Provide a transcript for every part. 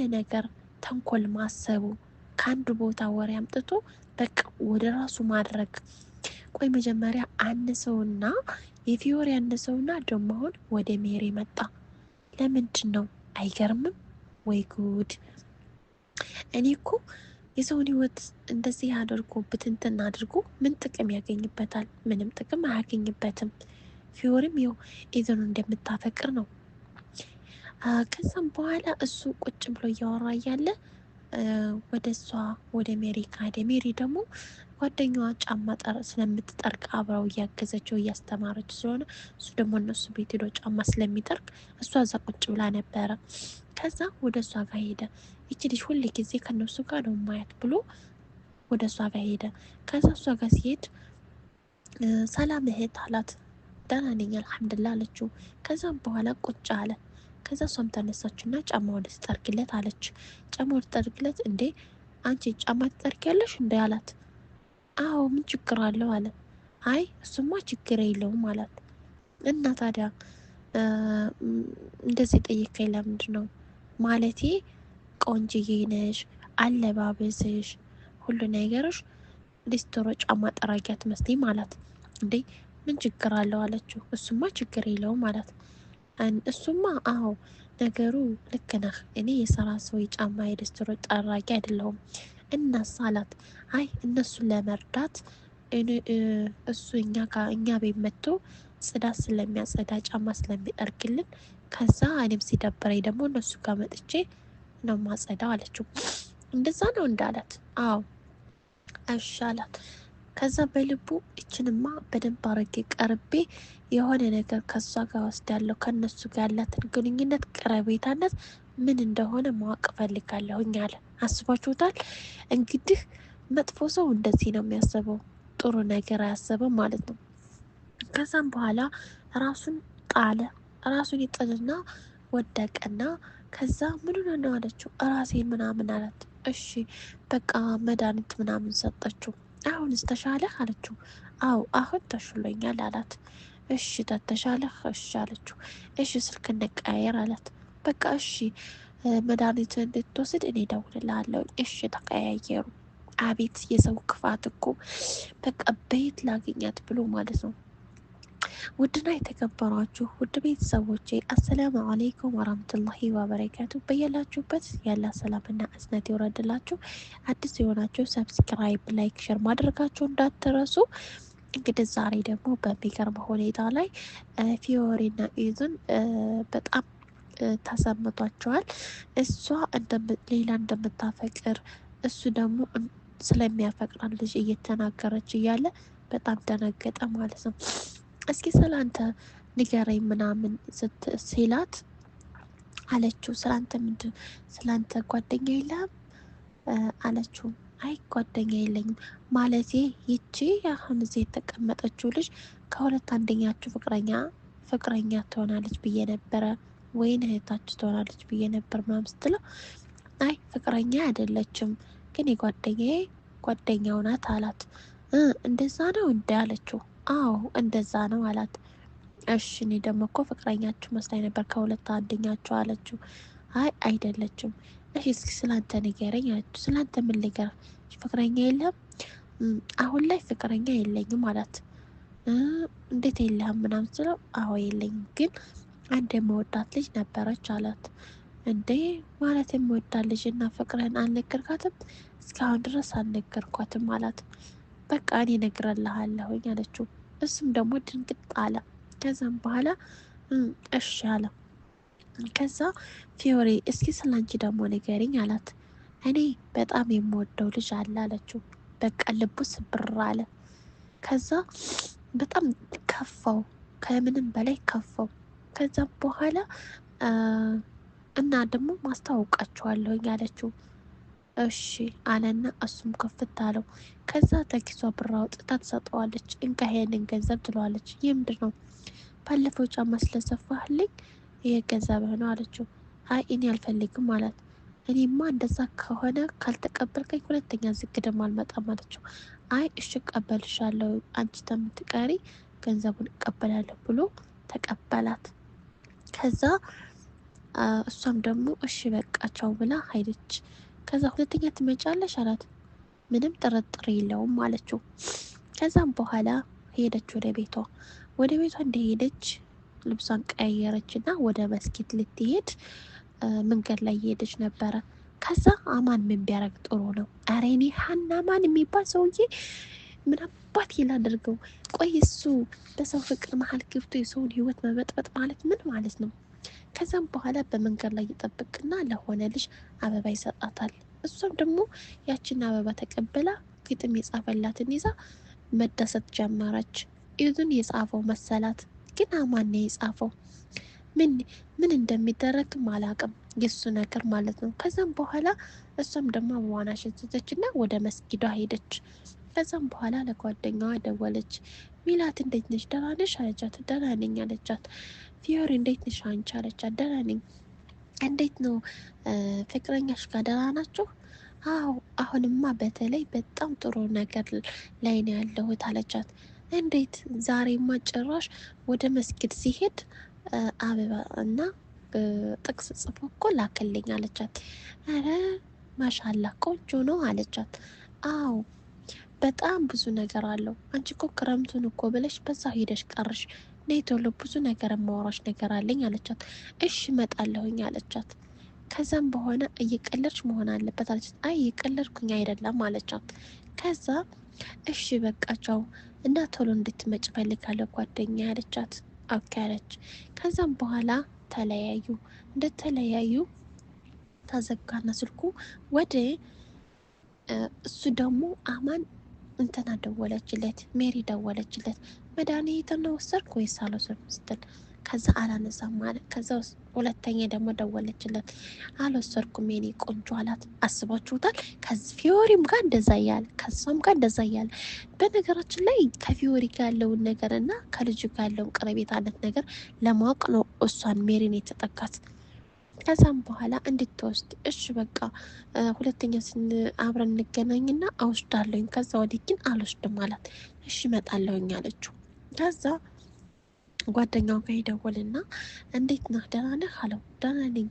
የሆነ ነገር ተንኮል ማሰቡ ከአንድ ቦታ ወሬ አምጥቶ በቃ ወደ ራሱ ማድረግ። ቆይ መጀመሪያ አንሰውና ሰውና የፊዮሪ አንድ ሰውና ደግሞ አሁን ወደ ሜሪ መጣ። ለምንድን ነው አይገርምም ወይ ጉድ! እኔ እኮ የሰውን ህይወት እንደዚህ አድርጎ ብትንትን አድርጎ ምን ጥቅም ያገኝበታል? ምንም ጥቅም አያገኝበትም። ፊዮሪም ይኸው ኢዘኑ እንደምታፈቅር ነው ከዛም በኋላ እሱ ቁጭ ብሎ እያወራ እያለ ወደ እሷ ወደ ሜሪ ካሄደ። ሜሪ ደግሞ ጓደኛዋ ጫማ ስለምትጠርቅ አብረው እያገዘችው እያስተማረች ስለሆነ እሱ ደግሞ እነሱ ቤት ሄዶ ጫማ ስለሚጠርቅ እሷ እዛ ቁጭ ብላ ነበረ። ከዛ ወደ እሷ ጋር ሄደ። ይቺ ልጅ ሁሌ ጊዜ ከነሱ ጋር ነው ማያት ብሎ ወደ እሷ ጋር ሄደ። ከዛ እሷ ጋር ሲሄድ ሰላም እህት አላት። ደህና ነኝ አልሐምድላ አለችው። ከዛም በኋላ ቁጭ አለ። ከዛ እሷም ተነሳችና ጫማ ወደ ትጠርግለት አለች። ጫማ ወደ ትጠርግለት እንዴ አንቺ ጫማ ያለሽ እንዴ አላት። አዎ ምን ችግር አለው አለ። አይ እሱማ ችግር የለውም አላት። እና ታዲያ እንደዚህ ጠየቀኝ ለምንድን ነው ማለቴ ቆንጅዬ ነሽ፣ አለባበስሽ፣ ሁሉ ነገርሽ ሊስትሮ ጫማ ጠራጊያት አትመስይም ማለት እንዴ ምን ችግር አለው አለችው። እሱማ ችግር የለውም አላት። እሱማ አዎ ነገሩ ልክ ነህ። እኔ የሰራ ሰው የጫማ የደስትሮ ጠራጊ አይደለሁም። እናሳ አላት። አይ እነሱን ለመርዳት እሱ እኛ እኛ ቤት መጥቶ ጽዳት ስለሚያጸዳ ጫማ ስለሚጠርግልን ከዛ እኔም ሲደበረኝ ደግሞ እነሱ ጋር መጥቼ ነው ማጸዳው አለችው። እንደዛ ነው እንዳላት። አዎ እሺ አላት። ከዛ በልቡ እችንማ በደንብ አረጌ ቀርቤ የሆነ ነገር ከእሷ ጋር ወስዳለሁ። ከነሱ ጋር ያላትን ግንኙነት ቀረቤታነት ምን እንደሆነ ማወቅ ፈልጋለሁኝ አለ። አስባችሁታል? እንግዲህ መጥፎ ሰው እንደዚህ ነው የሚያስበው፣ ጥሩ ነገር አያስብም ማለት ነው። ከዛም በኋላ ራሱን ጣለ። ራሱን ይጥልና ወደቀና ከዛ ምን ሆነ ነው አለችው። ራሴን ምናምን አላት። እሺ በቃ መድኃኒት ምናምን ሰጠችው። አሁንስ ተሻለህ አለችው። አዎ አሁን ተሽሎኛል አላት። እሺ ተተሻለህ? እሺ አለችው። እሺ ስልክ እንቀያየር አላት። በቃ እሺ መድኃኒት እንድትወስድ እኔ ደውልልሃለሁ። እሺ ተቀያየሩ። አቤት የሰው ክፋት እኮ በቃ ቤት ላገኛት ብሎ ማለት ነው። ውድና የተከበሯችሁ ውድ ቤተሰቦቼ አሰላሙ አሌይኩም ወራህመቱላሂ ወበረካቱ። በያላችሁበት ያለ ሰላምና እዝነት ይውረድላችሁ። አዲስ የሆናችሁ ሰብስክራይብ፣ ላይክ፣ ሸር ማድረጋችሁ እንዳትረሱ። እንግዲህ ዛሬ ደግሞ በሚገርም ሁኔታ ላይ ፊዮሪና ኢዙን በጣም ተሰምቷቸዋል። እሷ ሌላ እንደምታፈቅር እሱ ደግሞ ስለሚያፈቅራት ልጅ እየተናገረች እያለ በጣም ደነገጠ ማለት ነው። እስኪ ስላንተ ንገረኝ ምናምን ሲላት አለችው። ስላንተ ምንድን ስላንተ ጓደኛ የለም አለችው። አይ ጓደኛ የለኝም ማለት ይቺ አሁን እዚህ የተቀመጠችው ልጅ ከሁለት አንደኛችሁ ፍቅረኛ ፍቅረኛ ትሆናለች ብዬ ነበረ፣ ወይን እህታችሁ ትሆናለች ብዬ ነበር ምናምን ስትለው አይ ፍቅረኛ አይደለችም ግን የጓደኛ ጓደኛው ናት አላት። እንደዛ ነው እንደ አለችው አዎ እንደዛ ነው አላት። እሺ እኔ ደግሞ እኮ ፍቅረኛችሁ መስላኝ ነበር ከሁለት አንደኛችሁ አለችው። አይ አይደለችም። እሺ እስኪ ስላንተ ንገረኝ አለችው። ስላንተ ምን ልገር? ፍቅረኛ የለም አሁን ላይ ፍቅረኛ የለኝም አላት። እንዴት የለህም ምናምን ስለው አዎ የለኝም፣ ግን አንድ የመወዳት ልጅ ነበረች አላት። እንዴ ማለት የመወዳት ልጅ እና ፍቅርህን አልነገርካትም? እስካሁን ድረስ አልነገርኳትም አላት። በቃ እኔ እነግርልሃለሁኝ አለችው። እሱም ደግሞ ድንግጥ አለ። ከዛም በኋላ እሺ አለ። ከዛ ፊዮሬ እስኪ ስላንቺ ደግሞ ንገሪኝ አላት። እኔ በጣም የምወደው ልጅ አለ አለችው። በቃ ልቡ ስብር አለ። ከዛ በጣም ከፋው፣ ከምንም በላይ ከፋው። ከዛም በኋላ እና ደግሞ ማስታወቃችኋለሁኝ አለችው። እሺ አለና እሱም ከፍት አለው። ከዛ ተኪሷ ብር አውጥታ ትሰጠዋለች። እንካ ይሄንን ገንዘብ ትለዋለች። ይህ ምንድን ነው? ባለፈው ጫማ ስለሰፋህልኝ ይህ ገንዘብህ ነው አለችው። አይ እኔ አልፈልግም አላት። እኔማ እንደዛ ከሆነ ካልተቀበልከኝ ሁለተኛ ዝግድም አልመጣም አለችው። አይ እሺ እቀበልሻለሁ፣ አንቺ ተምትቀሪ ገንዘቡን እቀበላለሁ ብሎ ተቀበላት። ከዛ እሷም ደግሞ እሺ በቃቸው ብላ ሄደች። ከዛ ሁለተኛ ትመጫለሽ አላት። ምንም ጥርጥር የለውም አለችው። ከዛም በኋላ ሄደች ወደ ቤቷ። ወደ ቤቷ እንደሄደች ልብሷን ቀያየረች እና ወደ መስጊድ ልትሄድ መንገድ ላይ እየሄደች ነበረ። ከዛ አማን ምን ቢያደርግ ጥሩ ነው? አረ እኔ ሀና አማን የሚባል ሰውዬ ምን አባት ይላደርገው? ቆይ እሱ በሰው ፍቅር መሀል ገብቶ የሰውን ህይወት መበጥበጥ ማለት ምን ማለት ነው? ከዛም በኋላ በመንገድ ላይ ይጠብቅና ለሆነ ልጅ አበባ ይሰጣታል። እሷም ደግሞ ያችን አበባ ተቀብላ ግጥም የጻፈላትን ይዛ መደሰት ጀመረች። ይዙን የጻፈው መሰላት። ግን አማን የጻፈው። ምን ምን እንደሚደረግ አላቅም የሱ ነገር ማለት ነው። ከዛም በኋላ እሷም ደግሞ አበባዋን አሸተተች እና ወደ መስጊዷ ሄደች። ከዛም በኋላ ለጓደኛዋ ደወለች። ሚላት እንዴት ነሽ ደህና ነሽ አለቻት። ደህና ነኝ አለቻት። ፊዮሪ እንዴት ነሽ አንቺ አለቻት። ደህና ነኝ። እንዴት ነው ፍቅረኛሽ ጋር ደህና ናቸው? አዎ አሁንማ በተለይ በጣም ጥሩ ነገር ላይ ነው ያለሁት አለቻት። እንዴት ዛሬማ ጭራሽ ወደ መስጊድ ሲሄድ አበባ እና ጥቅስ ጽፎ እኮ ላከልኝ አለቻት። ኧረ ማሻላ ቆንጆ ነው አለቻት። አዎ በጣም ብዙ ነገር አለው። አንቺ እኮ ክረምቱን እኮ ብለሽ በዛ ሄደሽ ቀርሽ። ነይ ቶሎ ብዙ ነገር የማወራሽ ነገር አለኝ አለቻት። እሽ እመጣለሁኝ አለቻት። ከዛም በኋላ እየቀለድሽ መሆን አለበት አለቻት። አይ እየቀለድኩኝ አይደለም አለቻት። ከዛ እሺ በቃቸው እና ቶሎ እንድትመጭ ፈልጋለሁ ጓደኛ አለቻት። ኦኬ አለች። ከዛም በኋላ ተለያዩ። እንደተለያዩ ተዘጋና ስልኩ ወደ እሱ ደግሞ አማን እንትና ደወለችለት፣ ሜሪ ደወለችለት። መድኃኒትን ነው ወሰድክ ወይስ አልወሰድኩም ስትል ከዛ አላነሳም አለ። ከዛ ሁለተኛ ደግሞ ደወለችለት፣ አልወሰድኩም የኔ ቆንጆ አላት። አስባችሁታል? ከፊዮሪም ጋር እንደዛ እያለ ከሷም ጋር እንደዛ እያለ በነገራችን ላይ ከፊዮሪ ጋር ያለውን ነገር እና ከልጁ ጋር ያለውን ቅርቤት አይነት ነገር ለማወቅ ነው እሷን ሜሪን የተጠጋት። ከዛም በኋላ እንድትወስድ እሺ በቃ ሁለተኛ ስን አብረን እንገናኝና አወስዳለሁኝ ከዛ ወዲህ ግን አልወስድም አላት። እሺ እመጣለሁኝ አለችው። ከዛ ጓደኛው ጋር ይደውልና እንዴት ነህ ደህና ነህ አለው። ደህና ነኝ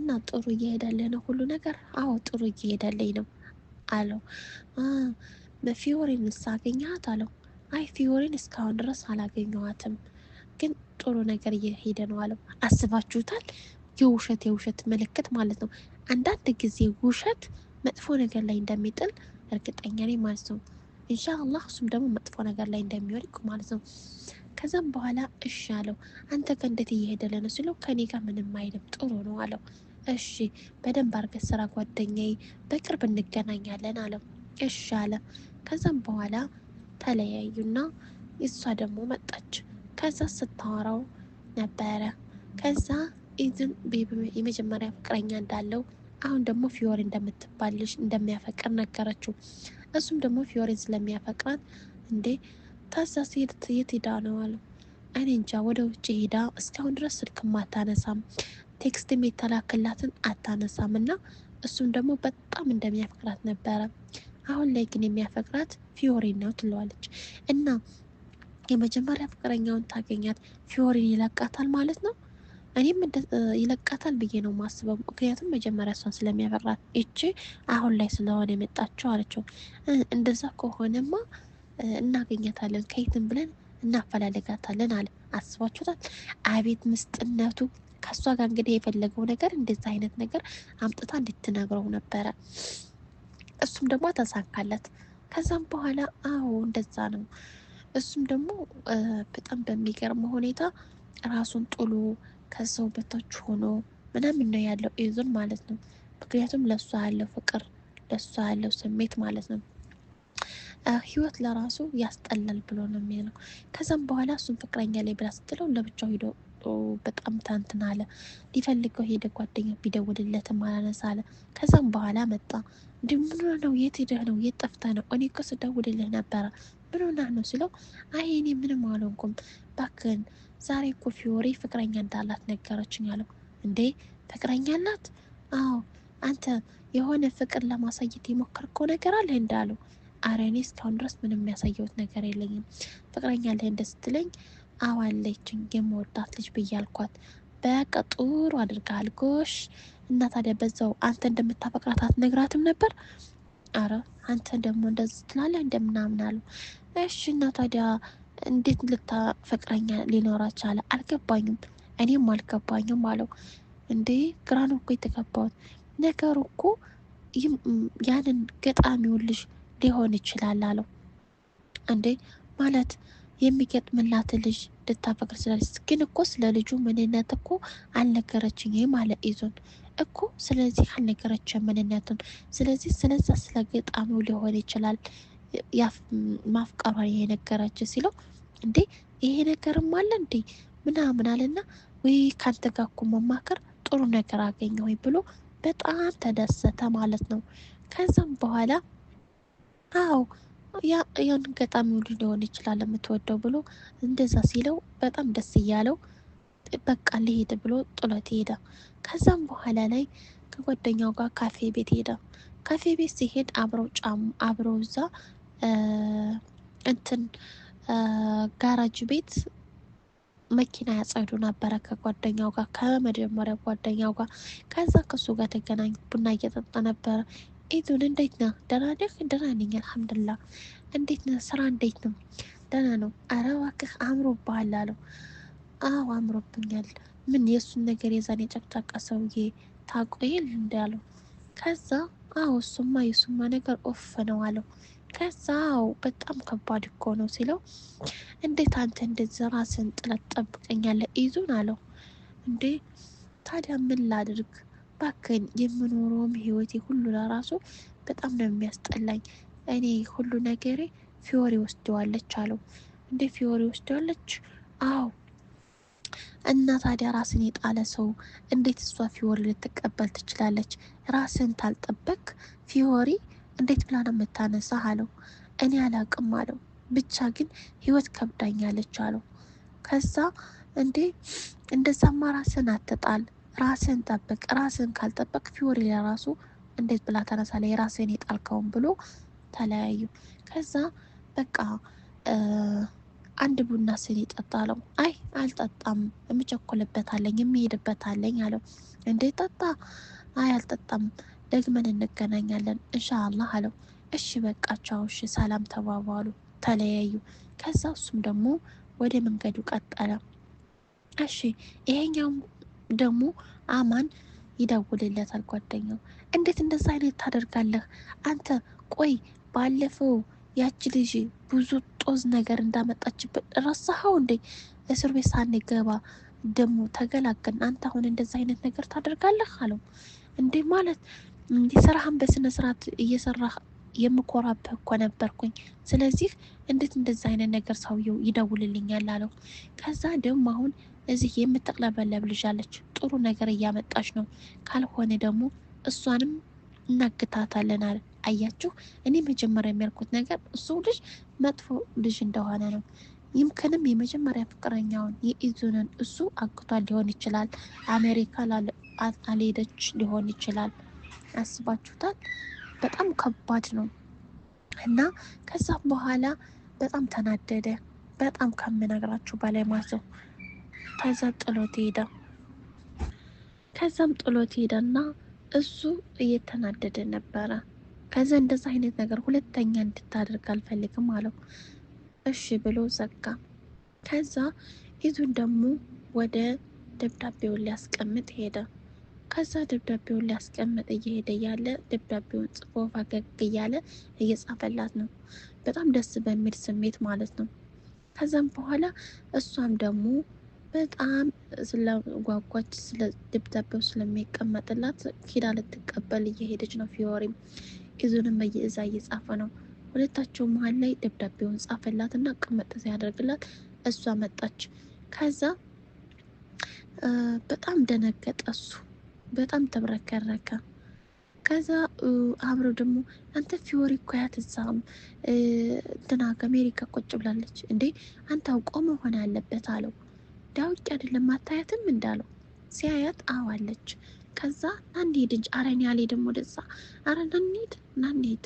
እና ጥሩ እየሄዳለ ነው ሁሉ ነገር? አዎ ጥሩ እየሄዳለኝ ነው አለው። ፊዮሬን ሳገኘሃት አለው። አይ ፊዮሬን እስካሁን ድረስ አላገኘዋትም ግን ጥሩ ነገር እየሄደ ነው አለው። አስባችሁታል የውሸት የውሸት ምልክት ማለት ነው። አንዳንድ ጊዜ ውሸት መጥፎ ነገር ላይ እንደሚጥል እርግጠኛ ነኝ ማለት ነው። ኢንሻአላህ እሱም ደግሞ መጥፎ ነገር ላይ እንደሚወድቅ ማለት ነው። ከዛም በኋላ እሺ አለው። አንተ ጋር እንዴት እየሄደለ ነው ሲለው ከኔ ጋር ምንም አይልም ጥሩ ነው አለው። እሺ በደንብ አርገት ስራ ጓደኛዬ፣ በቅርብ እንገናኛለን አለው። እሺ አለ። ከዛም በኋላ ተለያዩና እሷ ደግሞ መጣች። ከዛ ስታወራው ነበረ ከዛ ኢዝን የመጀመሪያ ፍቅረኛ እንዳለው አሁን ደግሞ ፊዮሪ እንደምትባል ልጅ እንደሚያፈቅር ነገረችው። እሱም ደግሞ ፊዮሬን ስለሚያፈቅራት እንዴ ታዛ የት ሄዳ ነው አለ። እኔ እንጃ ወደ ውጭ ሄዳ እስካሁን ድረስ ስልክም አታነሳም፣ ቴክስትም የተላክላትን አታነሳም እና እሱም ደግሞ በጣም እንደሚያፈቅራት ነበረ። አሁን ላይ ግን የሚያፈቅራት ፊዮሬ ነው ትለዋለች እና የመጀመሪያ ፍቅረኛውን ታገኛት ፊዮሬን ይለቃታል ማለት ነው። እኔም ይለቃታል ብዬ ነው ማስበው። ምክንያቱም መጀመሪያ እሷን ስለሚያበራት እቺ አሁን ላይ ስለሆነ የመጣችው አለችው። እንደዛ ከሆነማ እናገኛታለን ከየትም ብለን እናፈላለጋታለን አለ። አስባችሁታል? አቤት ምስጥነቱ። ከእሷ ጋር እንግዲህ የፈለገው ነገር እንደዛ አይነት ነገር አምጥታ እንድትነግረው ነበረ። እሱም ደግሞ ተሳካለት። ከዛም በኋላ አዎ እንደዛ ነው። እሱም ደግሞ በጣም በሚገርም ሁኔታ ራሱን ጥሎ ከሰው በታች ሆኖ ምናምን ነው ያለው ኤዞን ማለት ነው። ምክንያቱም ለእሷ ያለው ፍቅር ለእሷ ያለው ስሜት ማለት ነው ህይወት ለራሱ ያስጠላል ብሎ ነው የሚለው። ከዛም በኋላ እሱን ፍቅረኛ ላይ ብላ ስትለው ለብቻው ሄዶ በጣም ታንትን አለ። ሊፈልገው ሄደ። ጓደኛ ቢደውልለትም አላነሳ አለ። ከዛም በኋላ መጣ። እንዲህ ምን ነው? የት ሄደህ ነው? የት ጠፍተህ ነው? እኔ እኮ ስደውልልህ ነበረ ምን ሆና ነው ስለው፣ አይ እኔ ምንም አልሆንኩም ባክን፣ ዛሬ እኮ ፊዮሬ ፍቅረኛ እንዳላት ነገረችኝ አለው። እንዴ ፍቅረኛ ናት? አዎ አንተ የሆነ ፍቅር ለማሳየት የሞከርከው ነገር አለ እንዳለው፣ አረ እኔ እስካሁን ድረስ ምንም የሚያሳየውት ነገር የለኝም። ፍቅረኛ ለህ እንደ ስትለኝ አዋለችኝ የምወዳት ልጅ ብዬ አልኳት። በቃ ጥሩ አድርጋ አልጎሽ እና ታዲያ በዛው አንተ እንደምታፈቅራት አትነግራትም ነበር? አረ አንተ ደግሞ እንደዚህ ትላለህ እንደምናምን አሉ። እሺ እና ታዲያ እንዴት ልታ ፍቅረኛ ሊኖራት ቻለ? አልገባኝም። እኔም አልገባኝም አለው። እንዴ ግራ ነው እኮ የተገባሁት ነገሩ እኮ ያንን ገጣሚውን ልጅ ሊሆን ይችላል አለው። እንዴ ማለት የሚገጥምላት ልጅ ልታፈቅር ስላለች ግን እኮ ስለ ልጁ ምንነት እኮ አልነገረችኝም አለ ኢዞን እኮ ስለዚህ አልነገረችም ምንነቱን። ስለዚህ ስለዛ ስለ ገጣሚው ሊሆን ይችላል ማፍቀሯን የነገረች ሲለው እንዴ ይሄ ነገርም አለ እንዴ ምናምን አለና ወይ ካንተ ጋር እኮ መማከር ጥሩ ነገር አገኘ ወይ ብሎ በጣም ተደሰተ ማለት ነው። ከዛም በኋላ አዎ ያን ገጣሚው ሊሆን ይችላል የምትወደው ብሎ እንደዛ ሲለው በጣም ደስ እያለው በቃ ልሄድ ብሎ ጥሎት ሄደ። ከዛም በኋላ ላይ ከጓደኛው ጋር ካፌ ቤት ሄደ። ካፌ ቤት ሲሄድ አብረው ጫሙ አብረው እዛ እንትን ጋራጅ ቤት መኪና ያጸዱ ነበረ ከጓደኛው ጋር ከመጀመሪያ ጓደኛው ጋር። ከዛ ከሱ ጋር ተገናኝ ቡና እየጠጣ ነበረ። ኢዱን እንዴት ነህ? ደህና ነህ? ደህና ነኝ አልሐምዱሊላህ። እንዴት ነህ? ስራ እንዴት ነው? ደህና ነው። አረ እባክህ አምሮብሃል አለው። አዎ አምሮብኛል። ምን የእሱን ነገር የዛን የጨቅጫቃ ሰውዬ ታቆይል የለ እንዳለው ከዛ አዎ እሱማ የሱማ ነገር ኦፍ ነው አለው። ከዛ አዎ በጣም ከባድ እኮ ነው ሲለው እንዴት አንተ እንደዚህ ራስን ጥለት ጠብቀኛለህ ይዙን አለው። እንዴ ታዲያ ምን ላድርግ ባክን፣ የምኖረውም ህይወቴ ሁሉ ለራሱ በጣም ነው የሚያስጠላኝ። እኔ ሁሉ ነገሬ ፊዮሪ ወስደዋለች አለው። እንዴ ፊዮሪ ወስደዋለች? አዎ እና ታዲያ ራስን የጣለ ሰው እንዴት እሷ ፊዮሪ ልትቀበል ትችላለች? ራስን ታልጠበቅ ፊዮሪ እንዴት ብላ ነው የምታነሳህ? አለው። እኔ አላቅም አለው። ብቻ ግን ህይወት ከብዳኛለች አለው። ከዛ እንዴ እንደዛማ ራስን አትጣል፣ ራስን ጠብቅ። ራስን ካልጠበቅ ፊዮሪ ለራሱ እንዴት ብላ ታነሳለህ? የራስን የጣልከውን ብሎ ተለያዩ። ከዛ በቃ አንድ ቡና ስኒ ጠጣ አለው። አይ አልጠጣም፣ የምቸኮልበት አለኝ፣ የሚሄድበት አለኝ አለው። እንዴት ጠጣ። አይ አልጠጣም፣ ደግመን እንገናኛለን እንሻአላህ አለው። እሺ በቃቸው። እሺ ሰላም ተባባሉ፣ ተለያዩ። ከዛ እሱም ደግሞ ወደ መንገዱ ቀጠለ። እሺ ይሄኛውም ደግሞ አማን ይደውልለታል ጓደኛው። እንዴት እንደዛ አይነት ታደርጋለህ አንተ? ቆይ ባለፈው ያቺ ልጅ ብዙ ጦዝ ነገር እንዳመጣችበት ረሳኸው እንዴ? እስር ቤት ሳንገባ ደግሞ ተገላገልን። አንተ አሁን እንደዛ አይነት ነገር ታደርጋለህ አለው። እንዴ ማለት እንዲህ ስራህን በስነ ስርዓት እየሰራ የምኮራብህ እኮ ነበርኩኝ። ስለዚህ እንዴት እንደዚ አይነት ነገር ሰውየው ይደውልልኛል አለው። ከዛ ደግሞ አሁን እዚህ የምትቅለበለብ ልጅ አለች፣ ጥሩ ነገር እያመጣች ነው። ካልሆነ ደግሞ እሷንም እናግታታለን አለ። አያችሁ እኔ መጀመሪያ የሚያልኩት ነገር እሱ ልጅ መጥፎ ልጅ እንደሆነ ነው። ይምክንም የመጀመሪያ ፍቅረኛውን የኢዙንን እሱ አግቷል ሊሆን ይችላል። አሜሪካ አልሄደች ሊሆን ይችላል። አስባችሁታል? በጣም ከባድ ነው እና ከዛም በኋላ በጣም ተናደደ። በጣም ከምነግራችሁ በላይ ማሰው። ከዛ ጥሎት ሄደ። ከዛም ጥሎት ሄደና እሱ እየተናደደ ነበረ። ከዛ እንደዛ አይነት ነገር ሁለተኛ እንድታደርግ አልፈልግም አለው። እሺ ብሎ ዘጋ። ከዛ ፊቱን ደግሞ ወደ ደብዳቤውን ሊያስቀምጥ ሄደ። ከዛ ደብዳቤውን ሊያስቀምጥ እየሄደ ያለ ደብዳቤውን ጽፎ ፈገግ እያለ እየጻፈላት ነው፣ በጣም ደስ በሚል ስሜት ማለት ነው። ከዛም በኋላ እሷም ደግሞ በጣም ስለጓጓች ስለ ደብዳቤው ስለሚቀመጥላት ኪዳ ልትቀበል እየሄደች ነው ፊዮሪም ኢዙንም እዛ እየጻፈ ነው። ሁለታቸው መሀል ላይ ደብዳቤውን ጻፈላትና ቅመጥ ሲያደርግላት እሷ መጣች። ከዛ በጣም ደነገጠ እሱ በጣም ተብረከረከ። ከዛ አብሮ ደግሞ አንተ ፊዮሪ እኮ ያት እዛም እንትና ከአሜሪካ ቁጭ ብላለች እንዴ አንተ አውቀው መሆን አለበት አለው። ዳውቂ አይደለም አታያትም እንዳለው ሲያያት አዋለች ከዛ አንድ ሄድጅ አረን ያልሄድም ወደዛ አረን እንሂድ ናንሄድ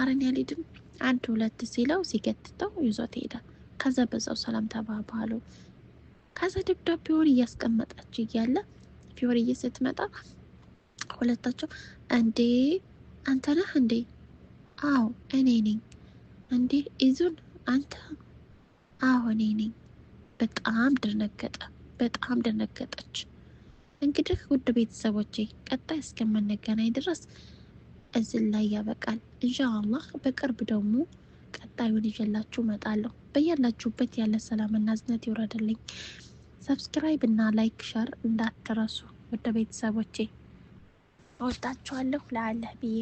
አረን ያልሄድም አንድ ሁለት ሲለው ሲገትተው ይዞት ሄደ። ከዛ በዛው ሰላም ተባባሉ። ከዛ ደብዳቤ ፊዮሪ እያስቀመጠች እያለ ፊዮርዬ ስትመጣ ሁለታቸው እንዴ አንተ ነህ እንዴ? አዎ እኔ ነኝ። እንዴ ይዙን አንተ? አዎ እኔ ነኝ። በጣም ደነገጠ። በጣም ደነገጠች። እንግዲህ ውድ ቤተሰቦቼ ቀጣይ እስከምንገናኝ ድረስ እዚህ ላይ ያበቃል። እንሻአላህ በቅርብ ደግሞ ቀጣዩን ይዤላችሁ እመጣለሁ። በያላችሁበት ያለ ሰላምና እዝነት ይውረድልኝ። ሰብስክራይብ እና ላይክ፣ ሸር እንዳትረሱ ውድ ቤተሰቦቼ። እወዳችኋለሁ ለአለህ ብዬ